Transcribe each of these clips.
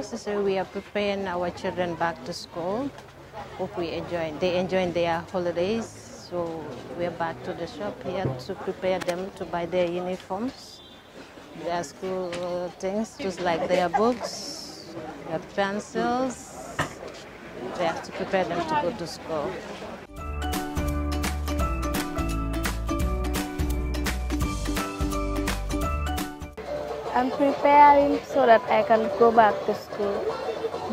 just as we are preparing our children back to school, hope we enjoy, they enjoy their holidays. So we're back to the shop here to prepare them to buy their uniforms, their school things, just like their books, their pencils. They have to prepare them to go to school. I'm preparing so that I can go back to school,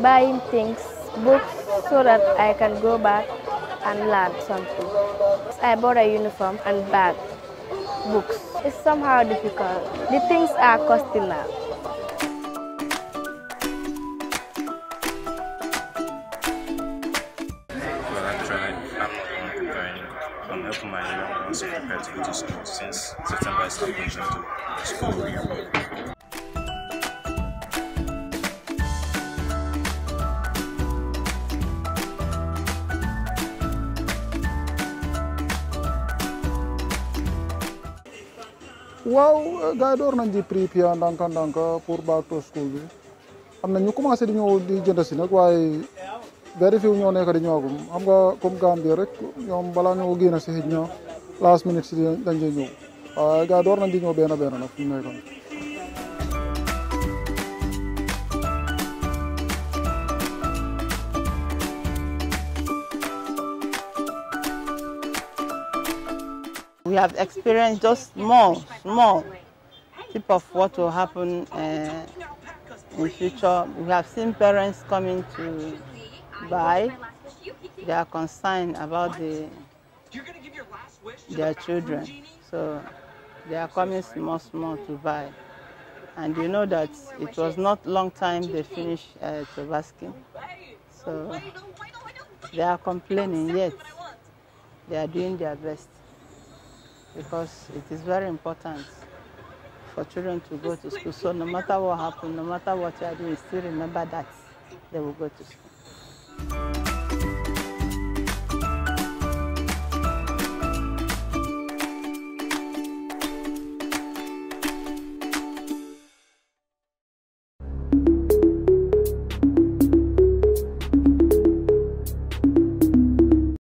buying things, books, so that I can go back and learn something. I bought a uniform and bag, books. It's somehow difficult. The things are costing now. my young ones prepare to go to school since September is to school waaw gars yi door nañ di prix Pia ndànka kan ndànka pour back to school bi am na ñu commencé di ñëw di jënd si nag waaye vérifié wu ñoo nekk di ñëwagum xam nga comme Gambie rek ñoom balaa ñoo génn si last minute si dañ cee ñëw waaye gars door nañ di ñëw benn benn nag fi mu nekkoon We have experienced just small, small tip of what will happen uh, in future. We have seen parents coming to buy. They are concerned about the, their children. So they are coming small, small to buy. And you know that it was not long time they finished uh, Tobaskin. So they are complaining, yet they are doing their best because it is very important for children to go to school. So no matter what happens, no matter what you are doing, still remember that they will go to school.